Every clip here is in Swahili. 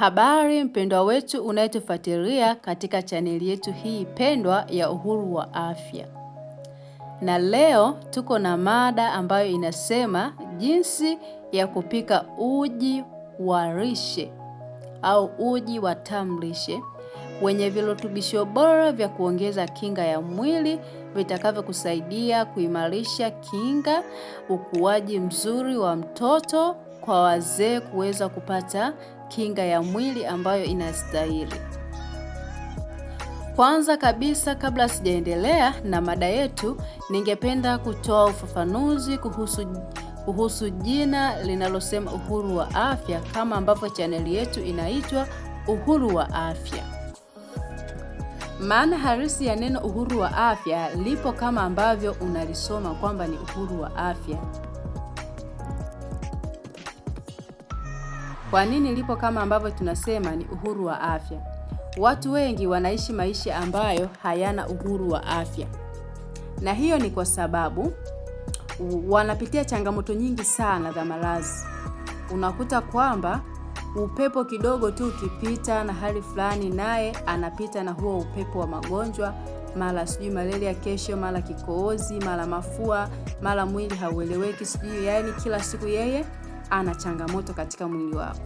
Habari mpendwa wetu unayetufuatilia katika chaneli yetu hii pendwa ya Uhuru wa Afya, na leo tuko na mada ambayo inasema jinsi ya kupika uji wa lishe au uji wa tamlishe wenye virutubisho bora vya kuongeza kinga ya mwili vitakavyokusaidia kuimarisha kinga, ukuaji mzuri wa mtoto, kwa wazee kuweza kupata kinga ya mwili ambayo inastahili. Kwanza kabisa, kabla sijaendelea na mada yetu, ningependa kutoa ufafanuzi kuhusu kuhusu jina linalosema Uhuru wa Afya, kama ambavyo chaneli yetu inaitwa Uhuru wa Afya. Maana halisi ya neno uhuru wa afya lipo kama ambavyo unalisoma kwamba ni uhuru wa afya. Kwa nini lipo kama ambavyo tunasema ni uhuru wa afya? Watu wengi wanaishi maisha ambayo hayana uhuru wa afya, na hiyo ni kwa sababu wanapitia changamoto nyingi sana za malazi. Unakuta kwamba upepo kidogo tu ukipita na hali fulani, naye anapita na huo upepo wa magonjwa, mara sijui malaria kesho, mara kikohozi, mara mafua, mara mwili haueleweki, sijui yaani kila siku yeye ana changamoto katika mwili wako.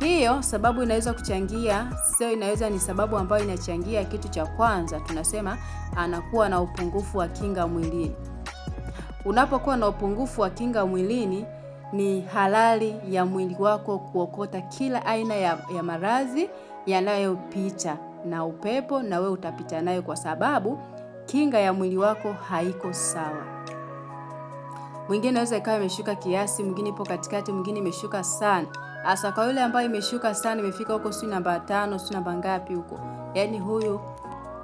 Hiyo sababu inaweza kuchangia, sio inaweza ni sababu ambayo inachangia. Kitu cha kwanza tunasema anakuwa na upungufu wa kinga mwilini. Unapokuwa na upungufu wa kinga mwilini, ni halali ya mwili wako kuokota kila aina ya, ya maradhi yanayopita na upepo, na we utapita nayo kwa sababu kinga ya mwili wako haiko sawa mwingine naweza ikawa imeshuka kiasi, mwingine ipo katikati, mwingine imeshuka sana. Hasa kwa yule ambayo imeshuka sana, imefika huko si namba tano, si namba ngapi huko, yaani huyu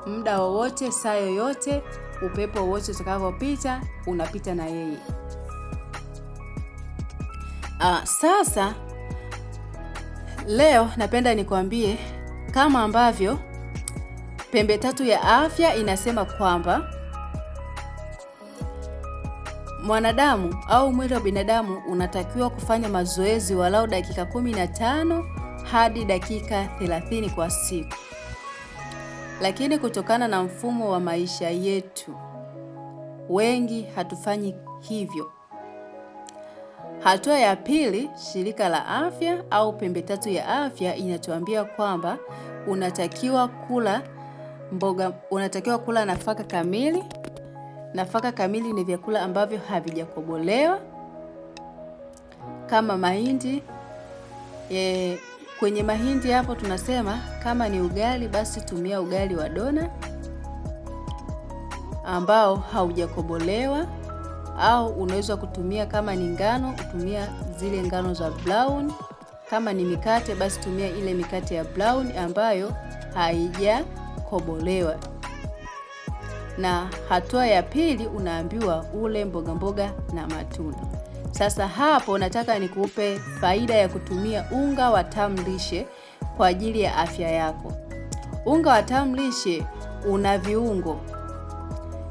muda wowote, saa yoyote, upepo wowote utakavyopita, unapita na yeye. Ah, sasa leo napenda nikwambie kama ambavyo pembe tatu ya afya inasema kwamba Mwanadamu au mwili wa binadamu unatakiwa kufanya mazoezi walau dakika 15 hadi dakika 30 kwa siku, lakini kutokana na mfumo wa maisha yetu wengi hatufanyi hivyo. Hatua ya pili, shirika la afya au pembe tatu ya afya inatuambia kwamba unatakiwa kula mboga, unatakiwa kula nafaka kamili Nafaka kamili ni vyakula ambavyo havijakobolewa kama mahindi e, kwenye mahindi hapo tunasema kama ni ugali basi tumia ugali wa dona ambao haujakobolewa, au unaweza kutumia kama ni ngano utumia zile ngano za brown. Kama ni mikate basi tumia ile mikate ya brown ambayo haijakobolewa na hatua ya pili unaambiwa ule mboga mboga na matunda. Sasa hapo nataka nikupe faida ya kutumia unga wa tamlishe kwa ajili ya afya yako. Unga wa tamlishe una viungo,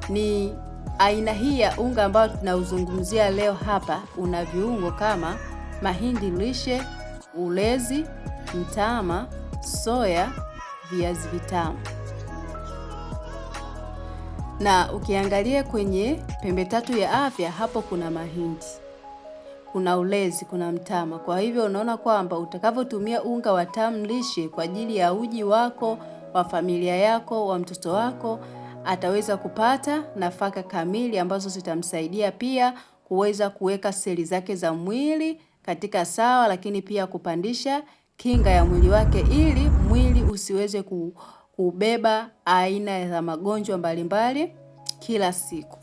ni aina hii ya unga ambayo tunauzungumzia leo hapa, una viungo kama mahindi lishe, ulezi, mtama, soya, viazi vitamu na ukiangalia kwenye pembe tatu ya afya hapo kuna mahindi, kuna ulezi, kuna mtama. Kwa hivyo unaona kwamba utakavyotumia unga wa tamu lishe kwa ajili ya uji wako wa familia yako wa mtoto wako ataweza kupata nafaka kamili ambazo zitamsaidia pia kuweza kuweka seli zake za mwili katika sawa, lakini pia kupandisha kinga ya mwili wake ili mwili usiweze ku, hubeba aina za magonjwa mbalimbali kila siku.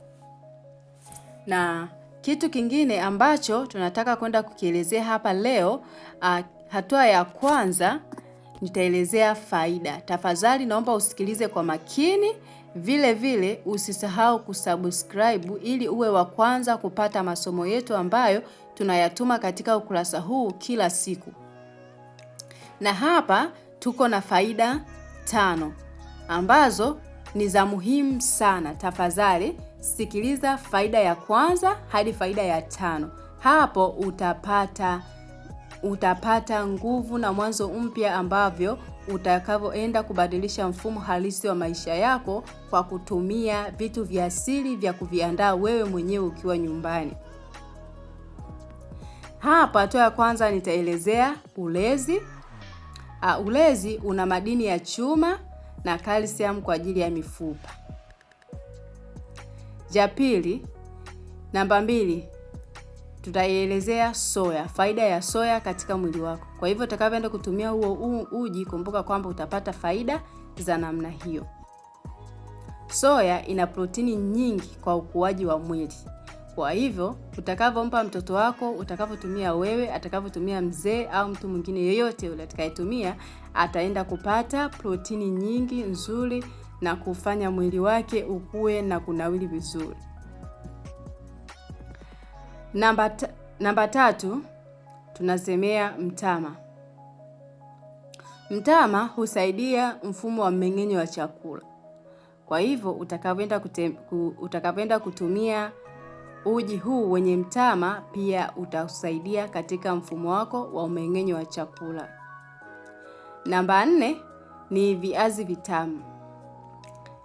Na kitu kingine ambacho tunataka kwenda kukielezea hapa leo, a, hatua ya kwanza nitaelezea faida. Tafadhali naomba usikilize kwa makini, vile vile usisahau kusubscribe ili uwe wa kwanza kupata masomo yetu ambayo tunayatuma katika ukurasa huu kila siku. Na hapa tuko na faida tano ambazo ni za muhimu sana. Tafadhali sikiliza faida ya kwanza hadi faida ya tano. Hapo utapata utapata nguvu na mwanzo mpya ambavyo utakavyoenda kubadilisha mfumo halisi wa maisha yako kwa kutumia vitu vya asili vya kuviandaa wewe mwenyewe ukiwa nyumbani. Hapa hatua ya kwanza nitaelezea ulezi. Uh, ulezi una madini ya chuma na calcium kwa ajili ya mifupa. Ja pili, namba mbili tutaielezea soya, faida ya soya katika mwili wako. Kwa hivyo utakavyoenda kutumia huo uji, kumbuka kwamba utapata faida za namna hiyo. Soya ina protini nyingi kwa ukuaji wa mwili. Kwa hivyo utakavyompa mtoto wako, utakavyotumia wewe, atakavyotumia mzee au mtu mwingine yeyote ule atakayetumia, ataenda kupata protini nyingi nzuri na kufanya mwili wake ukue na kunawili vizuri. Namba, namba tatu tunasemea mtama. Mtama husaidia mfumo wa mmeng'enyo wa chakula. Kwa hivyo utakavyoenda kutumia Uji huu wenye mtama pia utakusaidia katika mfumo wako wa umeng'enyo wa chakula. Namba nne ni viazi vitamu.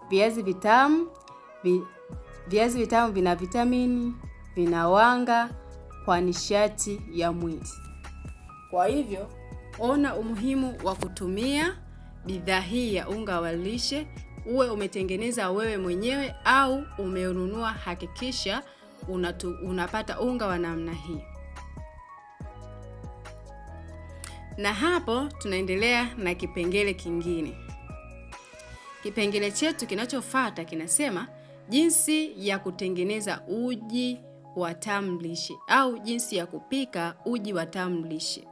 Viazi vitamu vi, viazi vitamu vina vitamini, vina wanga kwa nishati ya mwili. Kwa hivyo ona umuhimu wa kutumia bidhaa hii ya unga wa lishe, uwe umetengeneza wewe mwenyewe au umeununua. Hakikisha unatu, unapata unga wa namna hii, na hapo tunaendelea na kipengele kingine. Kipengele chetu kinachofata kinasema jinsi ya kutengeneza uji wa tamlishi au jinsi ya kupika uji wa tamlishi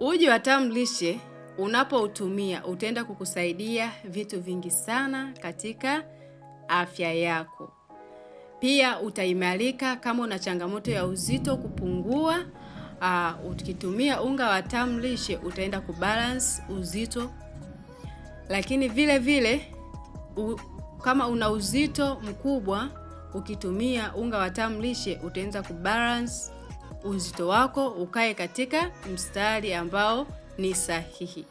Uji wa tamlishi unapoutumia utaenda kukusaidia vitu vingi sana katika afya yako. Pia utaimarika kama una changamoto ya uzito kupungua. Uh, ukitumia unga wa tamlishe utaenda kubalance uzito, lakini vile vile u, kama una uzito mkubwa ukitumia unga wa tamlishe utaanza kubalance uzito wako ukae katika mstari ambao ni sahihi.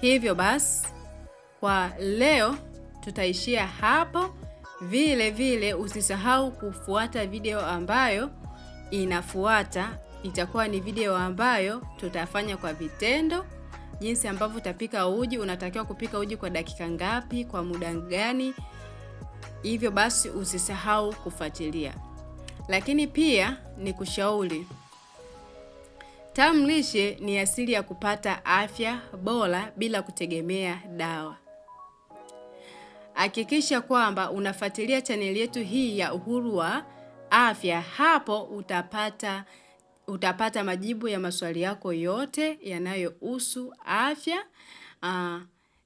Hivyo basi kwa leo tutaishia hapo. Vile vile usisahau kufuata video ambayo inafuata. Itakuwa ni video ambayo tutafanya kwa vitendo, jinsi ambavyo utapika uji. Unatakiwa kupika uji kwa dakika ngapi, kwa muda gani? Hivyo basi usisahau kufuatilia, lakini pia ni kushauri Tamu lishe ni asili ya kupata afya bora bila kutegemea dawa. Hakikisha kwamba unafuatilia chaneli yetu hii ya Uhuru wa Afya. Hapo utapata utapata majibu ya maswali yako yote yanayohusu afya. Aa, ah,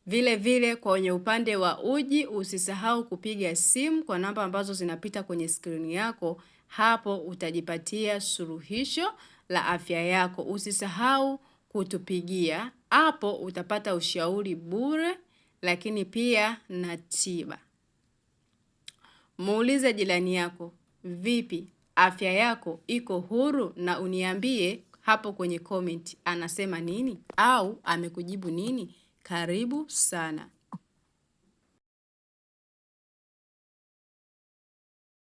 vile vile kwenye upande wa uji usisahau kupiga simu kwa namba ambazo zinapita kwenye skrini yako. Hapo utajipatia suluhisho la afya yako. Usisahau kutupigia, hapo utapata ushauri bure lakini pia na tiba. Muulize jirani yako, vipi afya yako iko huru? Na uniambie hapo kwenye comment anasema nini au amekujibu nini. Karibu sana.